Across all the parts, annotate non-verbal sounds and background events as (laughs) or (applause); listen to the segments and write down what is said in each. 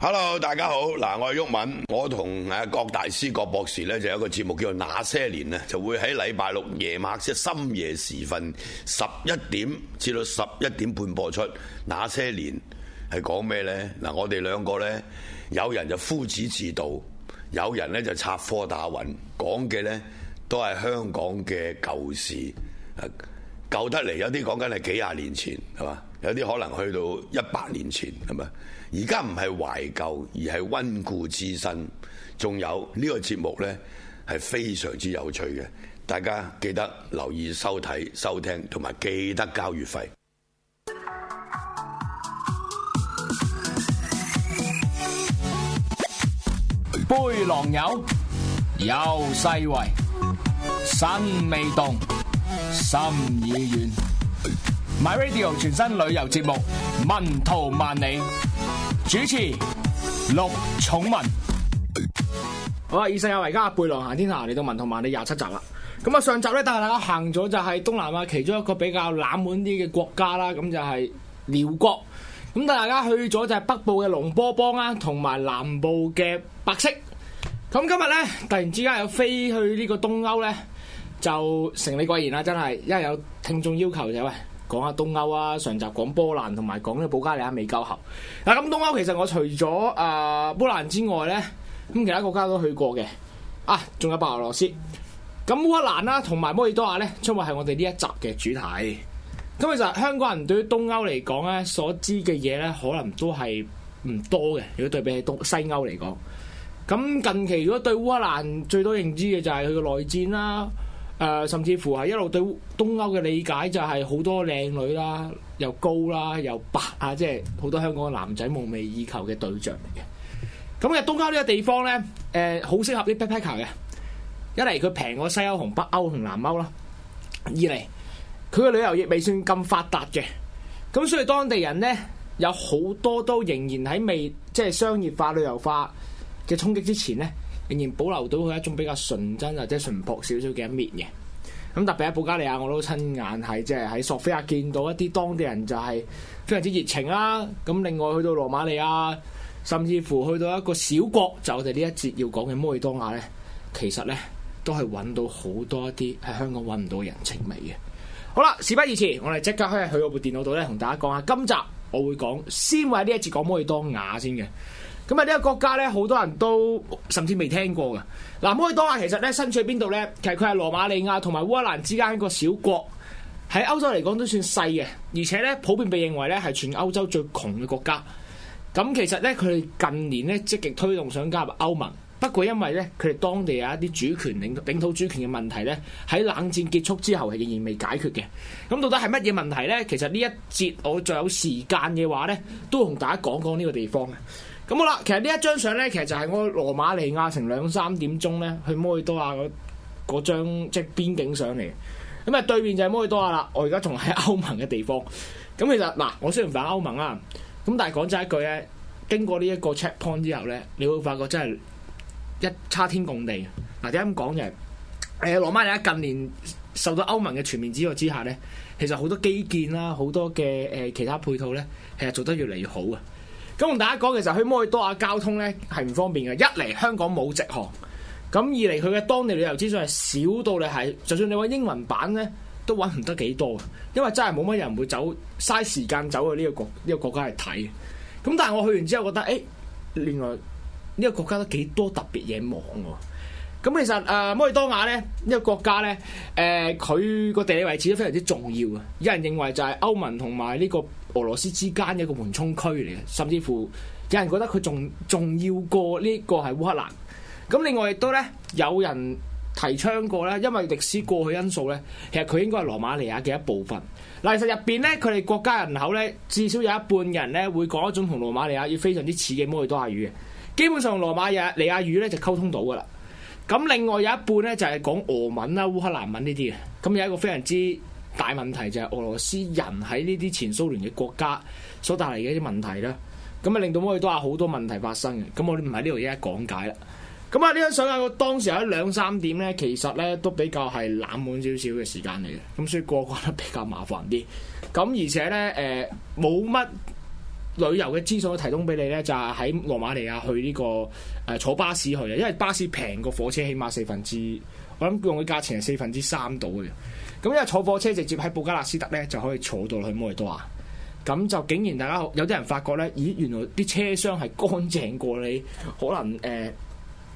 hello，大家好，嗱，我係寵文，我同誒郭大師、郭博士咧，就有一個節目叫做《那些年》咧，就會喺禮拜六夜晚即深夜時分十一點至到十一點半播出。那些年係講咩呢？嗱，我哋兩個呢，有人就夫子自道，有人呢就插科打諢，講嘅呢，都係香港嘅舊事，誒，舊得嚟有啲講緊係幾廿年前係嘛，有啲可能去到一百年前係咪？而家唔係懷舊，而係溫故知新。仲有呢個節目呢，係非常之有趣嘅。大家記得留意收睇、收聽，同埋記得交月費。杯狼友，有世圍，身未動，心已遠。My Radio 全新旅遊節目，文圖萬里。主持陸寵文，好啊！以身有為家，阿背囊行天下，陸寵文同埋你廿七集啦。咁啊，上集咧，帶大家行咗就係東南亞其中一個比較冷門啲嘅國家啦。咁就係、是、寮國。咁帶大家去咗就係北部嘅龍波邦啦，同埋南部嘅白色。咁今日咧，突然之間又飛去呢個東歐咧，就成李貴言啦，真係因為有聽眾要求就喂。講下東歐啊，上集講波蘭同埋講呢個保加利亞未交合。嗱，咁東歐其實我除咗啊、呃、波蘭之外咧，咁其他國家都去過嘅。啊，仲有白俄羅斯。咁烏克蘭啦、啊，同埋摩爾多瓦咧，今日係我哋呢一集嘅主題。咁其實香港人對於東歐嚟講咧，所知嘅嘢咧，可能都係唔多嘅。如果對比起東西歐嚟講，咁近期如果對烏克蘭最多認知嘅就係佢個內戰啦、啊。誒、呃，甚至乎係一路對東歐嘅理解就係好多靚女啦，又高啦，又白啊，即係好多香港男仔夢寐以求嘅對象嚟嘅。咁嘅東歐呢個地方咧，誒、呃、好適合啲 backpacker 嘅。一嚟佢平過西歐同北歐同南歐啦，二嚟佢嘅旅遊業未算咁發達嘅。咁所以當地人咧，有好多都仍然喺未即係商業化旅遊化嘅衝擊之前咧。仍然保留到佢一種比較純真或者淳樸少少嘅一面嘅。咁特別喺、啊、保加利亞，我都親眼係即係喺索菲亞見到一啲當地人就係非常之熱情啦、啊。咁另外去到羅馬尼亞，甚至乎去到一個小國，就我哋呢一節要講嘅摩爾多瓦呢，其實呢都係揾到好多一啲喺香港揾唔到人情味嘅。好啦，事不宜遲，我哋即刻可以去我部電腦度呢，同大家講下今集我會講先，為呢一節講摩爾多瓦先嘅。咁啊！呢個國家咧，好多人都甚至未聽過㗎。嗱，摩爾多瓦其實咧，身處喺邊度咧？其實佢係羅馬尼亞同埋烏克蘭之間一個小國，喺歐洲嚟講都算細嘅。而且咧，普遍被認為咧係全歐洲最窮嘅國家。咁、嗯、其實咧，佢哋近年咧積極推動想加入歐盟，不過因為咧佢哋當地有一啲主權領領土主權嘅問題咧，喺冷戰結束之後係仍然未解決嘅。咁、嗯、到底係乜嘢問題咧？其實呢一節我仲有時間嘅話咧，都同大家講講呢個地方嘅。咁好啦，其實呢一張相咧，其實就係我羅馬尼亞成兩三點鐘咧去摩爾多瓦嗰嗰張，張即邊境上嚟。咁啊對面就係摩爾多瓦啦，我而家仲喺歐盟嘅地方。咁其實嗱、啊，我雖然反歐盟啊，咁但係講真一句咧，經過呢一個 check point 之後咧，你會發覺真係一差天共地。嗱、啊，點解咁講就係、是，誒、呃、羅馬尼亞近年受到歐盟嘅全面支援之下咧，其實好多基建啦，好多嘅誒、呃、其他配套咧，其實做得越嚟越好啊。咁同大家講，其實去摩爾多瓦交通咧係唔方便嘅。一嚟香港冇直航，咁二嚟佢嘅當地旅遊資訊係少到你係，就算你揾英文版咧，都揾唔得幾多嘅。因為真係冇乜人會走，嘥時間走去呢個國呢個國家去睇。咁但係我去完之後覺得，誒、欸，另外呢個國家都幾多特別嘢望喎。咁其實誒摩爾多瓦咧呢個國家咧，誒佢個地理位置都非常之重要啊。有人認為就係歐盟同埋呢個俄羅斯之間嘅一個緩衝區嚟嘅，甚至乎有人覺得佢仲重要過呢個係烏克蘭。咁另外亦都咧有人提倡過咧，因為歷史過去因素咧，其實佢應該係羅馬尼亞嘅一部分。嗱，其實入邊咧佢哋國家人口咧至少有一半人咧會講一種同羅馬尼亞要非常之似嘅摩爾多瓦語嘅，基本上羅馬亞尼亞語咧就溝通到噶啦。咁另外有一半咧就係講俄文啦、烏克蘭文呢啲嘅。咁有一個非常之。大問題就係俄羅斯人喺呢啲前蘇聯嘅國家所帶嚟嘅一啲問題啦，咁啊令到摩爾多瓦好多問題發生嘅，咁我哋唔喺呢度一一講解啦。咁啊呢張相啊，當時喺兩三點呢，其實呢都比較係冷門少少嘅時間嚟嘅，咁所以過關都比較麻煩啲。咁而且呢，誒冇乜旅遊嘅資訊提供俾你呢，就係、係、喺羅馬尼亞去呢、呢個誒、呃、坐巴士去，因為巴士平過火車，起碼四分之。我諗用嘅價錢係四分之三度嘅，咁因為坐火車直接喺布加勒斯特咧就可以坐到去摩爾多瓦，咁就竟然大家有啲人發覺咧，咦，原來啲車廂係乾淨過你，可能誒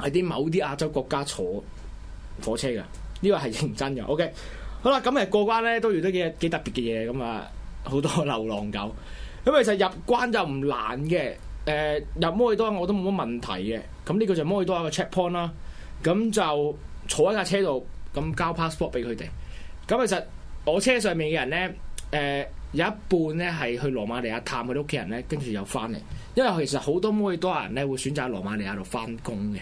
喺啲某啲亞洲國家坐火車嘅，呢個係認真嘅。OK，好啦，咁誒過關咧都遇到幾幾特別嘅嘢，咁啊好多流浪狗，咁其實入關就唔難嘅，誒、呃、入摩爾多瓦我都冇乜問題嘅，咁呢個就摩爾多瓦嘅 check point 啦，咁就。坐喺架車度咁交 passport 俾佢哋，咁其實我車上面嘅人咧，誒、呃、有一半咧係去羅馬尼亞探佢哋屋企人咧，跟住又翻嚟，因為其實好多摩爾多瓦人咧會選擇羅馬尼亞度翻工嘅，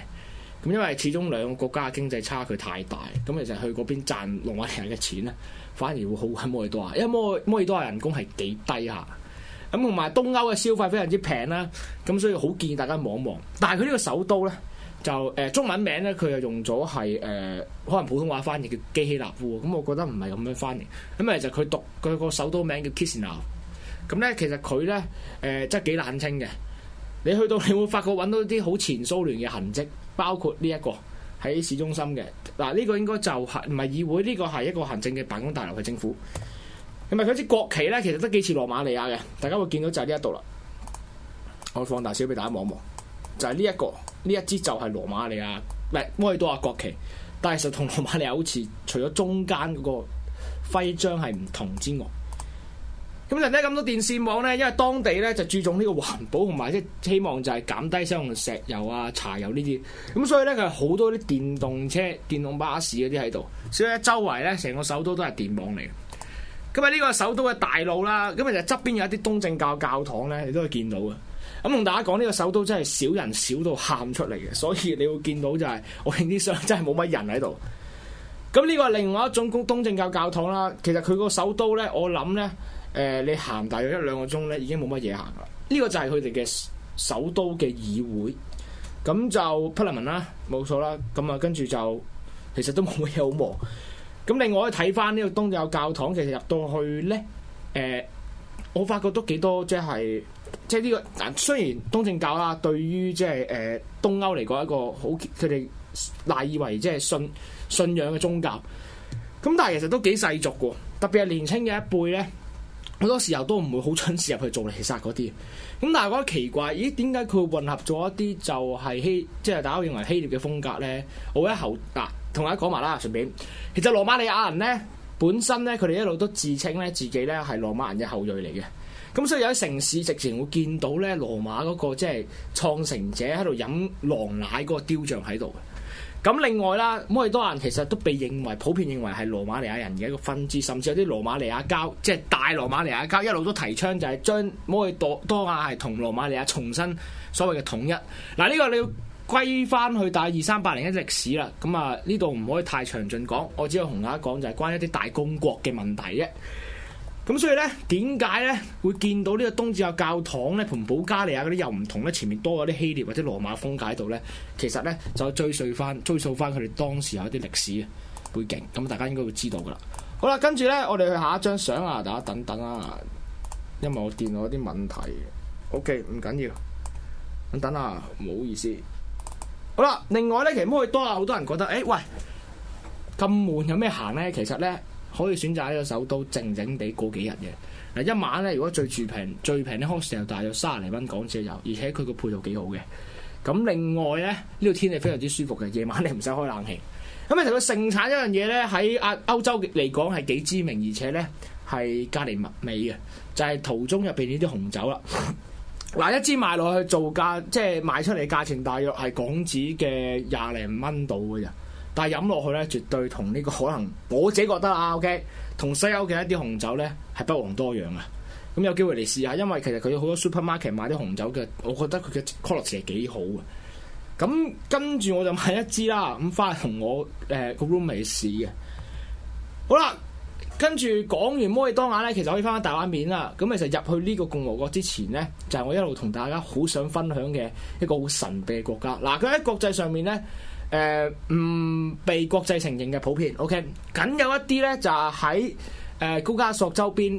咁因為始終兩個國家嘅經濟差距太大，咁其實去嗰邊賺羅馬尼亞嘅錢咧，反而會好喺摩爾多瓦，因為摩摩爾多瓦人工係幾低下，咁同埋東歐嘅消費非常之平啦，咁所以好建議大家望一望，但係佢呢個首都咧。就誒、呃、中文名咧，佢又用咗係誒可能普通話翻譯叫基希納夫，咁我覺得唔係咁樣翻譯。咁其實佢讀佢個首都名叫 Kissinau，咁咧其實佢咧誒真係幾冷清嘅。你去到你會發覺揾到啲好前蘇聯嘅痕跡，包括呢、這、一個喺市中心嘅嗱，呢、啊這個應該就係唔係議會呢、這個係一個行政嘅辦公大樓嘅政府。咁啊，佢啲國旗咧其實都幾似羅馬尼亞嘅，大家會見到就係呢一度啦。我放大少俾大家望一望，就係呢一個。呢一支就係羅馬尼亞，唔係摩爾多瓦國旗，但係其實同羅馬尼亞好似，除咗中間嗰個徽章係唔同之外，咁人哋咁多電線網咧，因為當地咧就注重呢個環保同埋，即係希望就係減低使用石油啊、柴油呢啲，咁所以咧佢好多啲電動車、電動巴士嗰啲喺度，所以咧周圍咧成個首都都係電網嚟嘅。咁啊，呢個首都嘅大路啦，咁啊就側邊有一啲東正教教堂咧，你都可以見到嘅。咁同大家講呢、呢個首都真係少人少到喊出嚟嘅，所以你會見到就係、是、我影啲相真係冇乜人喺度。咁呢個係另外一種東正教教堂啦。其實佢個首都咧，我諗咧，誒、呃，你行大約一兩個鐘咧，已經冇乜嘢行啦。呢、呢個就係佢哋嘅首都嘅議會，咁就 Parliament 啦，冇錯啦。咁啊，跟住就其實都冇乜嘢好忙。咁另外可以睇翻呢個東正教教堂，其實入到去咧，誒、呃，我發覺都幾多，即係。即係呢個，雖然東正教啦，對於即係誒東歐嚟講一個好，佢哋賴以為即係信信仰嘅宗教。咁但係其實都幾世俗嘅，特別係年輕嘅一輩咧，好多時候都唔會好準時入去做彌撒嗰啲。咁但係我覺得奇怪，咦？點解佢混合咗一啲就係希，即係大家認為希臘嘅風格咧？我一後嗱、啊，同大家講埋啦，順便，其實羅馬尼亞人咧。本身咧，佢哋一路都自稱咧，自己咧係羅馬人嘅後裔嚟嘅。咁所以有啲城市直情會見到咧，羅馬嗰個即係創城者喺度飲狼奶嗰個雕像喺度嘅。咁另外啦，摩爾多亞人其實都被認為普遍認為係羅馬尼亞人嘅一個分支，甚至有啲羅馬尼亞膠，即係大羅馬尼亞膠一路都提倡就係將摩爾多多亞係同羅馬尼亞重新所謂嘅統一。嗱，呢個你要。歸翻去大二三八零嘅歷史啦，咁啊呢度唔可以太詳盡講，我只要同大家講就係關於一啲大公國嘅問題啫。咁所以呢，點解呢？會見到呢個東至有教堂呢，蓬保加利亞嗰啲又唔同呢，前面多咗啲希臘或者羅馬風格喺度呢。其實呢，就追溯翻追溯翻佢哋當時有一啲歷史背景，咁大家應該會知道噶啦。好啦，跟住呢，我哋去下一張相啊，大家等等啊，因為我電腦有啲問題，OK 唔緊要，等等啊，唔好意思。好啦，另外咧，其實唔可以多啊，好多人覺得，誒、欸、喂，咁悶有咩行咧？其實咧，可以選擇喺個首都靜靜地過幾日嘅。嗱，一晚咧，如果最住平最平咧，好似成大約卅嚟蚊港紙有，而且佢個配套幾好嘅。咁另外咧，呢個天氣非常之舒服嘅，夜晚你唔使開冷氣。咁啊，同佢盛產一樣嘢咧，喺阿歐洲嚟講係幾知名，而且咧係隔離物美嘅，就係、是、途中入邊呢啲紅酒啦。 (laughs) 嗱，一支賣落去造價，即係賣出嚟嘅價錢大約係港紙嘅廿零蚊度嘅啫，但係飲落去咧絕對同呢個可能我自己覺得啊，OK，同西歐嘅一啲紅酒咧係不遑多讓啊！咁有機會嚟試下，因為其實佢有好多 supermarket 買啲紅酒嘅，我覺得佢嘅 quality 係幾好嘅。咁跟住我就買一支啦，咁翻、呃、去同我誒個 room 嚟試嘅。好啦。跟住講完摩爾多瓦咧，其實可以翻返大畫面啦。咁其實入去呢個共和國之前咧，就係、是、我一路同大家好想分享嘅一個好神秘嘅國家。嗱，佢喺國際上面咧，誒、呃、唔、嗯、被國際承認嘅普遍，OK。僅有一啲咧就係喺誒高加索周邊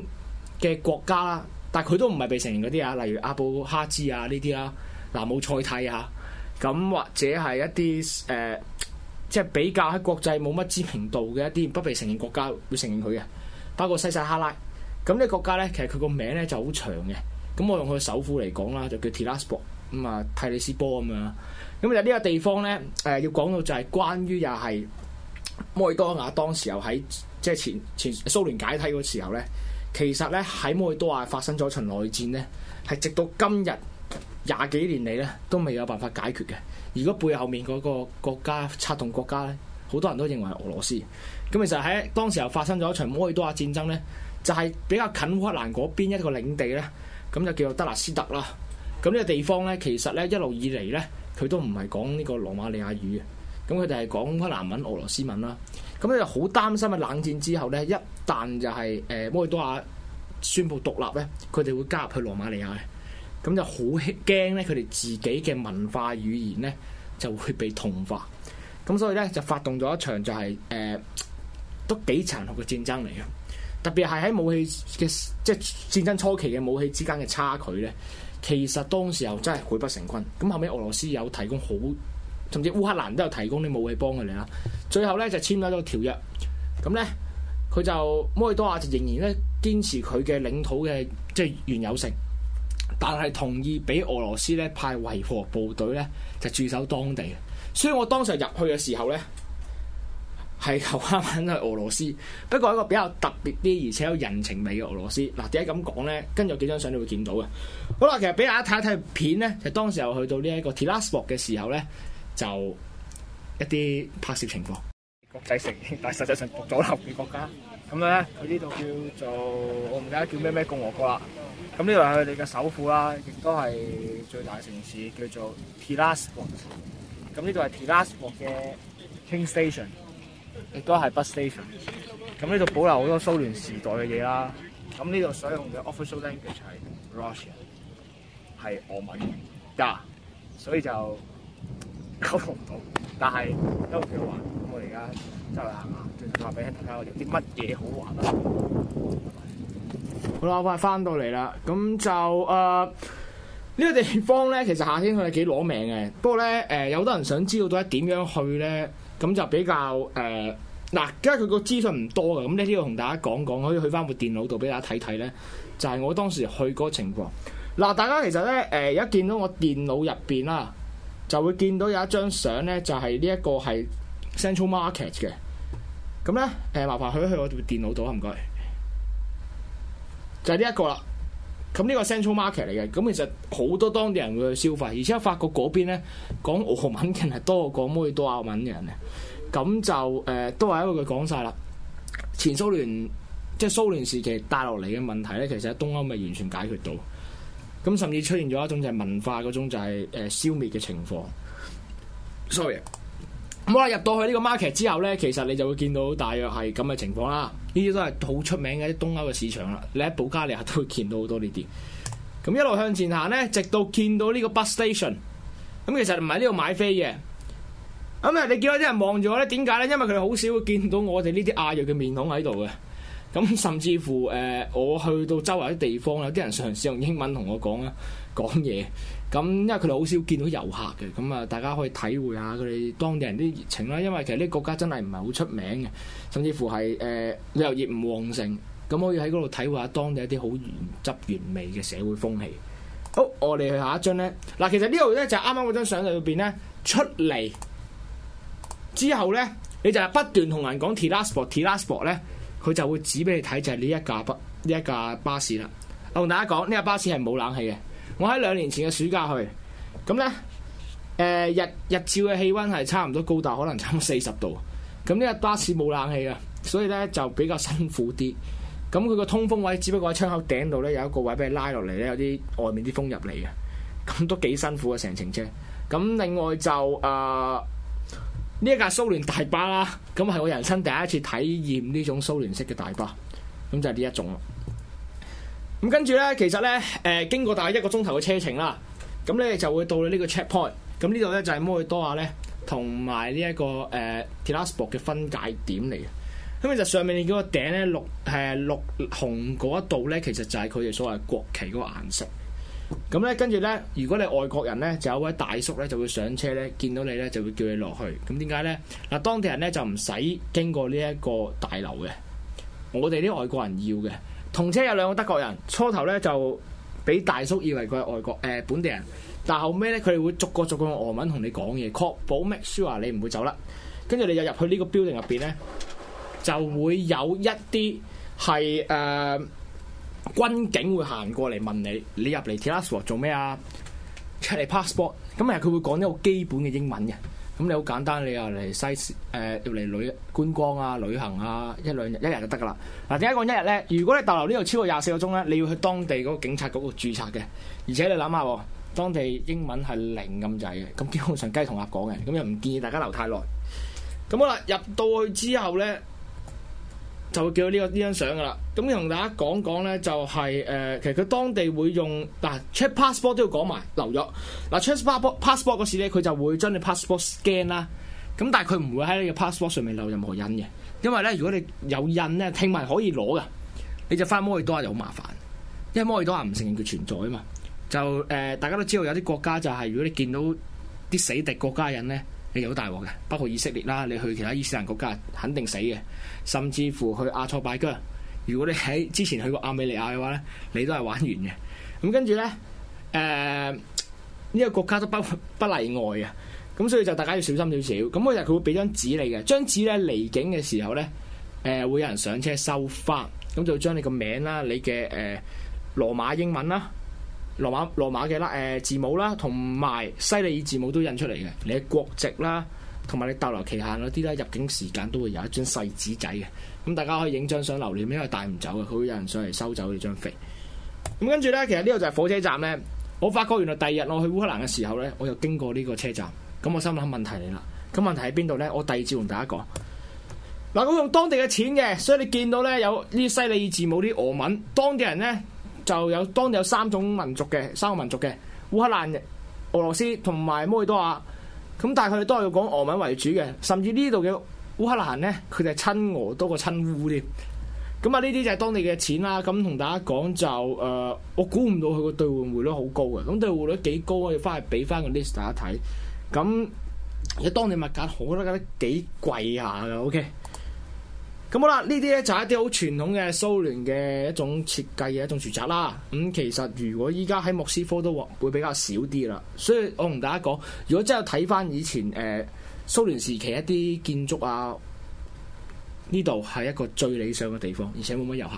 嘅國家啦，但係佢都唔係被承認嗰啲啊，例如阿布哈茲啊呢啲啦，南奧塞梯啊，咁或者係一啲誒。呃即係比較喺國際冇乜知名度嘅一啲不被承認國家會承認佢嘅，包括西撒哈拉。咁呢個國家咧，其實佢個名咧就好長嘅。咁我用佢首府嚟講啦，就叫 Tiraspol 咁啊泰里斯波咁樣。咁啊呢個地方咧，誒、呃、要講到就係關於又係摩爾多瓦當時候喺即係前前，前蘇聯解體嗰時候咧，其實咧喺摩爾多瓦發生咗一場內戰咧，係直到今日廿幾年嚟咧都未有辦法解決嘅。如果背後面嗰個國家策動國家咧，好多人都認為俄羅斯。咁其實喺當時候發生咗一場摩爾多瓦戰爭咧，就係、是、比較近烏克蘭嗰邊一個領地咧，咁就叫做德涅斯特啦。咁呢個地方咧，其實咧一路以嚟咧，佢都唔係講呢個羅馬尼亞語嘅，咁佢哋係講烏克蘭文、俄羅斯文啦。咁佢就好擔心喺冷戰之後咧，一旦就係、是、誒、呃、摩爾多瓦宣布獨立咧，佢哋會加入去羅馬尼亞嘅。咁就好驚咧，佢哋自己嘅文化語言咧就會被同化，咁所以咧就發動咗一場就係、是、誒、呃、都幾殘酷嘅戰爭嚟嘅，特別係喺武器嘅即係戰爭初期嘅武器之間嘅差距咧，其實當時候真係潰不成軍。咁後尾，俄羅斯有提供好，甚至烏克蘭都有提供啲武器幫佢哋啦。最後咧就簽咗一個條約，咁咧佢就摩爾多瓦就仍然咧堅持佢嘅領土嘅即係原有性。但係同意俾俄羅斯咧派維和部隊咧就駐守當地，所以我當時入去嘅時候咧係後翻返去俄羅斯，不過一個比較特別啲而且有人情味嘅俄羅斯。嗱、啊，點解咁講咧？跟住有幾張相你會見到嘅。好啦，其實俾大家睇一睇片咧，就是、當時候去到呢一個 Tiraspol 嘅時候咧，就一啲拍攝情況。國際性，但係實際上獨咗立嘅國家。咁咧，佢呢度叫做我唔記得叫咩咩共和國啦。咁呢度係佢哋嘅首府啦，亦都係最大城市，叫做 Tiraspol。咁呢度係 Tiraspol 嘅 King Station，亦都係 bus station。咁呢度保留好多蘇聯時代嘅嘢啦。咁呢度所用嘅 official language 係 Russian，係俄文。呀，所以就溝通唔到。但係都幾好玩。咁我哋而家就嚟行下，話俾大家我有啲乜嘢好玩啦。好啦，我快返到嚟啦，咁就誒呢、呃這個地方咧，其實夏天佢係幾攞命嘅。不過咧，誒、呃、有好多人想知道到底點樣去咧，咁就比較誒嗱，而家佢個資訊唔多嘅，咁呢啲要同大家講講，可以去返部電腦度俾大家睇睇咧。就係、是、我當時去嗰個情況。嗱、呃，大家其實咧，誒、呃、一見到我電腦入邊啦，就會見到有一張相咧，就係呢、呃、去一個係 Central Market 嘅。咁咧，誒麻煩去一去我哋部電腦度啊，唔該。就係呢一個啦，咁呢個 central market 嚟嘅，咁其實好多當地人會去消費，而且法國嗰邊咧講俄文嘅人係多過講摩爾多瓦文嘅人啊，咁就誒、呃、都係一個佢講晒啦，前蘇聯即係蘇聯時期帶落嚟嘅問題咧，其實喺東歐未完全解決到，咁甚至出現咗一種就係文化嗰種就係誒消滅嘅情況。sorry，咁啊入到去呢個 market 之後咧，其實你就會見到大約係咁嘅情況啦。呢啲都係好出名嘅啲東歐嘅市場啦，你喺保加利亞都會見到好多呢啲。咁一路向前行咧，直到見到呢個 bus station。咁其實唔係呢度買飛嘅。咁啊，你見到啲人望住我咧，點解咧？因為佢哋好少會見到我哋呢啲亞裔嘅面孔喺度嘅。咁甚至乎誒、呃，我去到周圍啲地方，有啲人嘗試用英文同我講啊，講嘢。咁因為佢哋好少見到遊客嘅，咁啊大家可以體會下佢哋當地人啲熱情啦。因為其實呢個國家真係唔係好出名嘅，甚至乎係誒旅遊業唔旺盛。咁可以喺嗰度體會下當地一啲好原汁原味嘅社會風氣。好，我哋去下一張咧。嗱，其實呢度咧就啱啱嗰張相入邊咧出嚟之後咧，你就係不斷同人講 Tilaspot，Tilaspot 咧，佢就會指俾你睇就係呢一架巴呢一架巴士啦。我同大家講，呢架巴士係冇冷氣嘅。我喺兩年前嘅暑假去，咁咧，誒、呃、日日照嘅氣温係差唔多高達可能差唔多四十度，咁呢架巴士冇冷氣呀，所以咧就比較辛苦啲。咁佢個通風位只不過喺窗口頂度咧有一個位俾你拉落嚟咧有啲外面啲風入嚟嘅，咁都幾辛苦嘅成程車。咁另外就誒呢、呃、一架蘇聯大巴啦，咁係我人生第一次體驗呢種蘇聯式嘅大巴，咁就係呢一種。咁跟住咧，其實咧，誒、呃、經過大概一個鐘頭嘅車程啦，咁咧就會到呢個 check point。咁、就是、呢度咧、這個呃、就係摩爾多瓦咧同埋呢一個誒鐵拉斯博嘅分界點嚟嘅。咁其實上面你嗰個頂咧綠誒、呃、綠紅嗰一度咧，其實就係佢哋所謂國旗嗰個顏色。咁咧跟住咧，如果你外國人咧，就有一位大叔咧就會上車咧，見到你咧就會叫你落去。咁點解咧？嗱當地人咧就唔使經過呢一個大樓嘅，我哋啲外國人要嘅。同車有兩個德國人，初頭咧就俾大叔以為佢係外國誒、呃、本地人，但後尾咧佢哋會逐個逐個用俄文同你講嘢，確保 make sure 你唔會走啦。跟住你入入去個呢個 building 入邊咧，就會有一啲係誒軍警會行過嚟問你，你入嚟 Tiraspol 做咩啊，出嚟 passport，咁誒佢會講一個基本嘅英文嘅。咁你好簡單，你又嚟西誒、呃、要嚟旅觀光啊、旅行啊，一兩日一日就得噶啦。嗱，點解講一日咧？如果你逗留呢度超過廿四個鐘咧，你要去當地嗰個警察局度註冊嘅。而且你諗下，當地英文係零咁滯嘅，咁基本上雞同鴨講嘅，咁又唔建議大家留太耐。咁好啦，入到去之後咧。就會叫呢、這個呢張相噶啦，咁同大家講講咧，就係、是、誒、呃，其實佢當地會用嗱 check passport 都要講埋留咗。嗱 passport p 嗰時咧，佢就會將你 passport scan 啦、啊，咁但係佢唔會喺你嘅 passport 上面留任何印嘅，因為咧如果你有印咧，聽埋可以攞噶，你就返摩爾多瓦就好麻煩，因為摩爾多瓦唔承認佢存在啊嘛，就誒、呃、大家都知道有啲國家就係、是、如果你見到啲死敵國家人咧。你有好大鑊嘅，包括以色列啦，你去其他伊斯蘭國家肯定死嘅，甚至乎去阿塞拜疆。如果你喺之前去過阿美尼亞嘅話咧，你都係玩完嘅。咁跟住咧，誒、呃、呢、呢個國家都不不例外啊。咁所以就大家要小心少少。咁嗰日佢會俾張紙你嘅，張紙咧離境嘅時候咧，誒、呃、會有人上車收翻，咁就將你個名啦、你嘅誒羅馬英文啦。羅馬羅馬嘅啦，誒字母啦，同埋西里爾字母都印出嚟嘅。你嘅國籍啦，同埋你逗留期限嗰啲啦，入境時間都會有一張細紙仔嘅。咁大家可以影張相留念，因為帶唔走嘅，佢會有人上嚟收走你張飛。咁跟住咧，其實呢度就係火車站咧。我發覺原來第二日我去烏克蘭嘅時候咧，我又經過呢個車站。咁我心諗問題嚟啦。咁問題喺邊度咧？我第二次同大家講。嗱，我用當地嘅錢嘅，所以你見到咧有呢西里爾字母啲俄文，當地人咧。就有當地有三種民族嘅三個民族嘅烏克蘭、俄羅斯同埋摩爾多瓦，咁但係佢哋都係要講俄文為主嘅。甚至呢度嘅烏克蘭咧，佢就係親俄多過親烏添。咁啊，呢啲就係當地嘅錢啦。咁同大家講就誒、呃，我估唔到佢個兌換匯率好高嘅。咁兌換率幾高，我哋翻去俾翻個 list 大家睇。咁而當地物價好得幾貴下嘅，OK。咁好啦，呢啲咧就係一啲好傳統嘅蘇聯嘅一種設計嘅一種住宅啦。咁、嗯、其實如果依家喺莫斯科都會比較少啲啦。所以我同大家講，如果真係睇翻以前誒、呃、蘇聯時期一啲建築啊，呢度係一個最理想嘅地方，而且冇乜遊客。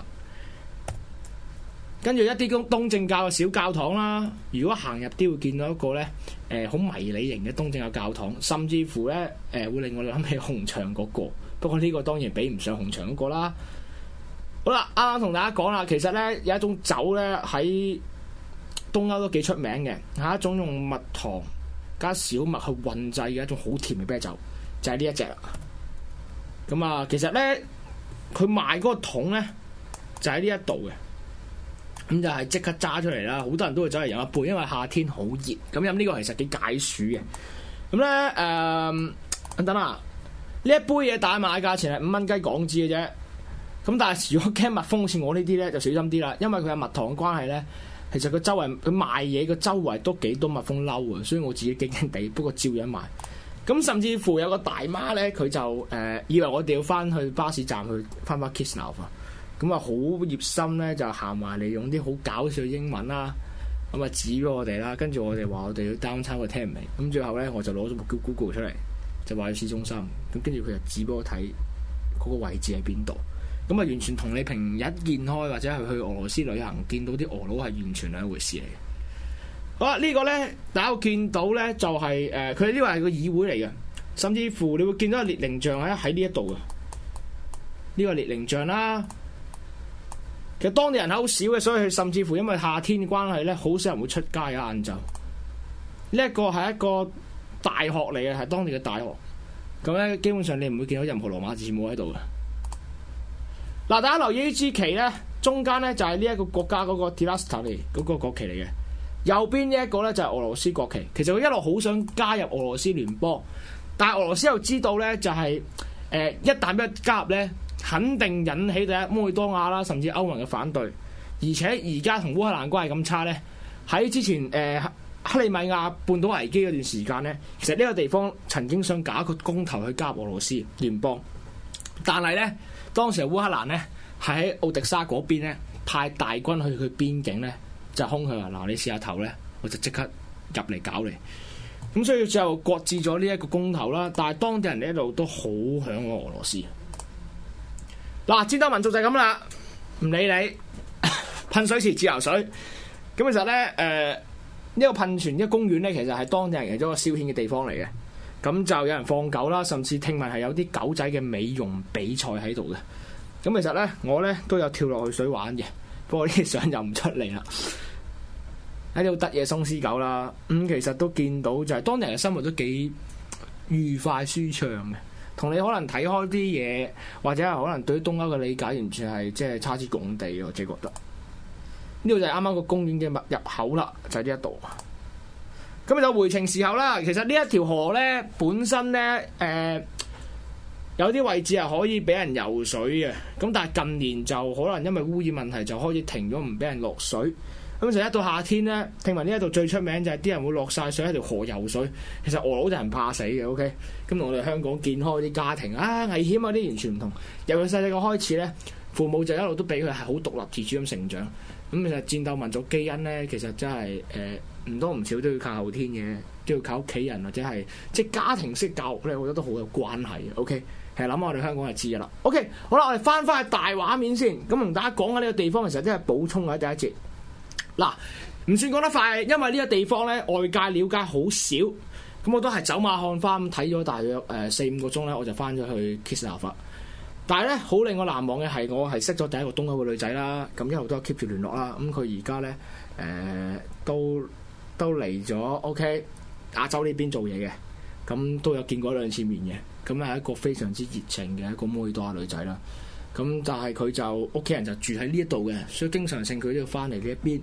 跟住一啲咁東正教嘅小教堂啦，如果行入都會見到一個咧，誒、呃、好迷你型嘅東正教教堂，甚至乎咧誒、呃、會令我諗起紅牆嗰、那個。不過呢個當然比唔上紅場嗰個啦好。好啦，啱啱同大家講啦，其實咧有一種酒咧喺東歐都幾出名嘅，係一種用蜜糖加小麥去混製嘅，就是，一種好甜嘅啤酒，就係、是、呢一隻啦。咁、嗯、啊，其實咧佢賣嗰個桶咧就喺呢一度嘅，咁就係即刻揸出嚟啦。好多人都會走嚟飲一杯，因為夏天好熱，咁飲呢個其實幾解暑嘅。咁咧誒等等啊！呢一杯嘢大賣，價錢係五蚊雞港紙嘅啫。咁但係如果驚蜜蜂好似我呢啲咧，就小心啲啦。因為佢係蜜糖嘅關係咧，其實佢周圍佢賣嘢個周圍都幾多蜜蜂嬲啊，所以我自己驚驚地。不過照樣賣。咁甚至乎有個大媽咧，佢就誒、呃、以為我哋要翻去巴士站去翻翻 kiss now 啊。咁啊好熱心咧，就行埋嚟用啲好搞笑嘅英文啦，咁啊指俾我哋啦。跟住我哋話我哋要擔心佢聽唔明。咁最後咧，我就攞咗部叫 Google 出嚟。就話喺市中心，咁跟住佢就指俾我睇嗰個位置喺邊度，咁啊完全同你平日見開或者係去俄羅斯旅行見到啲俄佬係完全兩回事嚟。好啦，這個、呢個咧，大家見到咧就係、是、誒，佢、呃、呢個係個議會嚟嘅，甚至乎你會見到個列寧像喺喺呢一度嘅，呢、這個列寧像啦。其實當地人口少嘅，所以佢甚至乎因為夏天嘅關係咧，好少人會出街啊，晏晝。呢一個係一個。大學嚟嘅係當地嘅大學，咁咧，基本上你唔會見到任何羅馬字母喺度嘅。嗱，大家留意呢支旗咧，中間咧就係呢一個國家嗰個 Tirastany 嗰、嗰個國旗嚟嘅，右邊呢一個咧就係俄羅斯國旗。其實佢一路好想加入俄羅斯聯邦，但係俄羅斯又知道咧就係、是、誒一旦一加入咧，肯定引起第一摩爾多瓦啦，甚至歐盟嘅反對。而且而家同烏克蘭關係咁差咧，喺之前誒，呃克里米亞半島危機嗰段時間呢，其實呢個地方曾經想搞一個公投去加入俄羅斯聯邦，但係呢，當時烏克蘭呢喺奧迪沙嗰邊呢派大軍去佢邊境呢，就空佢話嗱，你試下投呢，我就即刻入嚟搞你。咁所以就最後擱置咗呢一個公投啦。但係當地人呢，一路都好向往俄羅斯。嗱，戰鬥民族就係咁啦，唔理你噴 (laughs) 水池、自由水咁，其實呢。誒、呃。呢個噴泉，呢個公園咧，其實係當地人嚟咗一個消遣嘅地方嚟嘅。咁就有人放狗啦，甚至聽聞係有啲狗仔嘅美容比賽喺度嘅。咁其實咧，我咧都有跳落去水玩嘅，不過啲相就唔出嚟啦。喺度得嘢鬆獅狗啦，咁、嗯、其實都見到就係當地人嘅生活都幾愉快舒暢嘅。同你可能睇開啲嘢，或者係可能對於東歐嘅理解，完全係即係差天共地，我只覺得。呢度就係啱啱個公園嘅入口啦，就係呢一度。咁就回程時候啦。其實呢一條河呢，本身呢，誒、呃、有啲位置係可以俾人游水嘅。咁但係近年就可能因為污染問題，就開始停咗唔俾人落水。咁就一到夏天呢，聽聞呢一度最出名就係啲人會落晒水喺條河游水。其實俄羅斯人唔怕死嘅，OK？咁我哋香港健康啲家庭，啊危險嗰啲完全唔同。由佢細細個開始呢，父母就一路都俾佢係好獨立自主咁成長。咁其實戰鬥民族基因咧，其實真係誒唔多唔少都要靠後天嘅，都要靠屋企人或者係即係家庭式教育咧，我覺得都好有關係嘅。OK，係諗下我哋香港就知嘅啦。OK，好啦，我哋翻翻去大畫面先，咁同大家講下呢個地方其實真係補充喺第一節。嗱，唔算講得快，因為呢個地方咧，外界了解好少，咁我都係走馬看花睇咗大約誒四五個鐘咧，我就翻咗去 kiss。但係咧，好令我難忘嘅係，我係識咗第一個東歐嘅女仔啦。咁一路都有 keep 住聯絡啦。咁佢而家咧，誒、呃、都都嚟咗 OK 亞洲呢邊做嘢嘅。咁都有見過兩次面嘅。咁係一個非常之熱情嘅一個摩爾多瓦女仔啦。咁但係佢就屋企人就住喺呢一度嘅，所以經常性佢都要翻嚟呢一邊。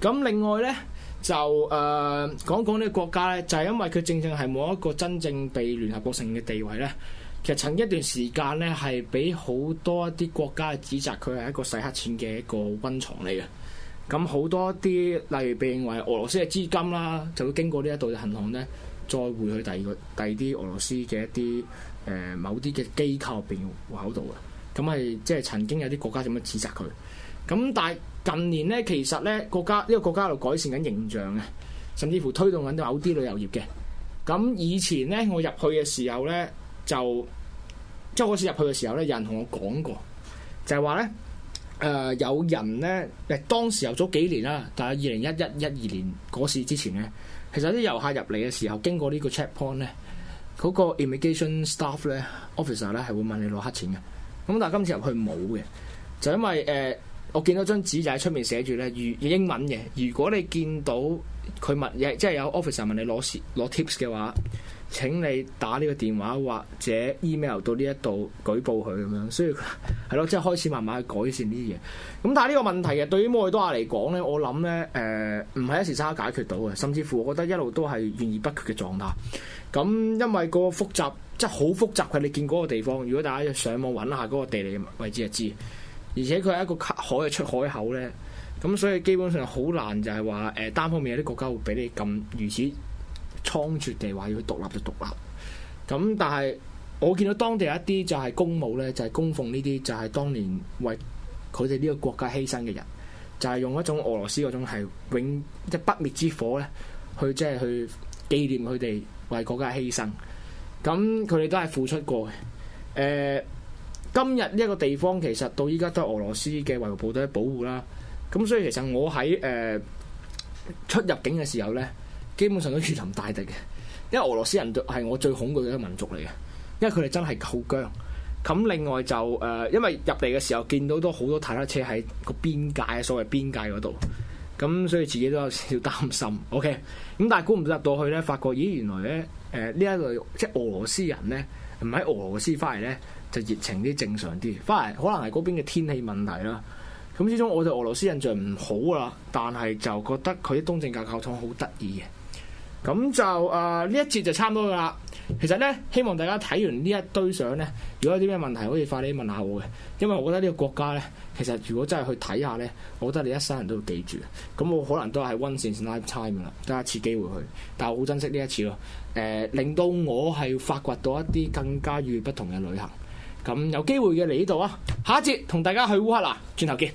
咁另外咧就誒、呃、講講呢個國家咧，就係、是、因為佢正正係冇一個真正被聯合國承認嘅地位咧。其實曾一段時間咧，係俾好多一啲國家嘅指責，佢係一個洗黑錢嘅一個溫床嚟嘅。咁好多啲，例如被認為俄羅斯嘅資金啦，就會經過呢一度嘅銀行咧，再匯去第二個第二啲俄羅斯嘅一啲誒、呃、某啲嘅機構入邊戶口度嘅。咁係即係曾經有啲國家咁樣指責佢。咁但係近年咧，其實咧國家呢、呢個國家喺度改善緊形象嘅，甚至乎推動緊啲某啲旅遊業嘅。咁以前咧，我入去嘅時候咧。就即係嗰次入去嘅時候咧，有人同我講過，就係話咧，誒、呃、有人咧，誒當時候早幾年啦，但係二零一一一二年嗰時、那個、之前咧，其實啲遊客入嚟嘅時候，經過呢個 check point 咧，嗰、那個 immigration staff 咧，officer 咧係會問你攞黑錢嘅。咁但係今次入去冇嘅，就因為誒、呃、我見到張紙就喺出面寫住咧，如英文嘅，如果你見到佢問，即係有 officer 問你攞攞 tips 嘅話。請你打呢個電話或者 email 到呢一度舉報佢咁樣，所以係咯，即 (laughs) 係開始慢慢去改善呢啲嘢。咁但係呢個問題嘅對於摩爾多瓦嚟講咧，我諗咧誒，唔、呃、係一時差解決到嘅，甚至乎我覺得一路都係懸而不決嘅狀態。咁因為個複雜即係好複雜嘅，你見嗰個地方，如果大家上網揾下嗰個地理位置就知。而且佢係一個海嘅出海口咧，咁所以基本上好難就係話誒單方面有啲國家會俾你咁如此。倉促地話要去獨立就獨立，咁但係我見到當地一啲就係公墓咧，就係、是、供奉呢啲就係當年為佢哋呢個國家犧牲嘅人，就係、是、用一種俄羅斯嗰種係永即、就是、不滅之火咧，去即係去紀念佢哋為國家犧牲，咁佢哋都係付出過嘅。誒、呃，今日呢一個地方其實到依家都係俄羅斯嘅維護部隊保護啦，咁所以其實我喺誒、呃、出入境嘅時候咧。基本上都如臨大敵嘅，因為俄羅斯人係我最恐懼嘅一個民族嚟嘅，因為佢哋真係夠僵。咁另外就誒、呃，因為入嚟嘅時候見到都好多坦克車喺個邊界，所謂邊界嗰度，咁所以自己都有少少擔心。OK，咁但係估唔到入到去呢，發覺咦原來呢，誒、呃、呢一類即係俄羅斯人呢，唔喺俄羅斯翻嚟呢，就熱情啲、正常啲。翻嚟可能係嗰邊嘅天氣問題啦。咁始終我對俄羅斯印象唔好啊，但係就覺得佢啲東正教教堂好得意嘅。咁就誒呢、呃、一節就差唔多噶啦。其實咧，希望大家睇完呢一堆相咧，如果有啲咩問題，可以快啲問下我嘅。因為我覺得呢個國家咧，其實如果真係去睇下咧，我覺得你一生人都要記住。咁我可能都係 once in a lifetime 啦，得一次機會去，但係我好珍惜呢一次咯。誒、呃，令到我係發掘到一啲更加與眾不同嘅旅行。咁有機會嘅嚟呢度啊！下一節同大家去烏克蘭，轉頭見。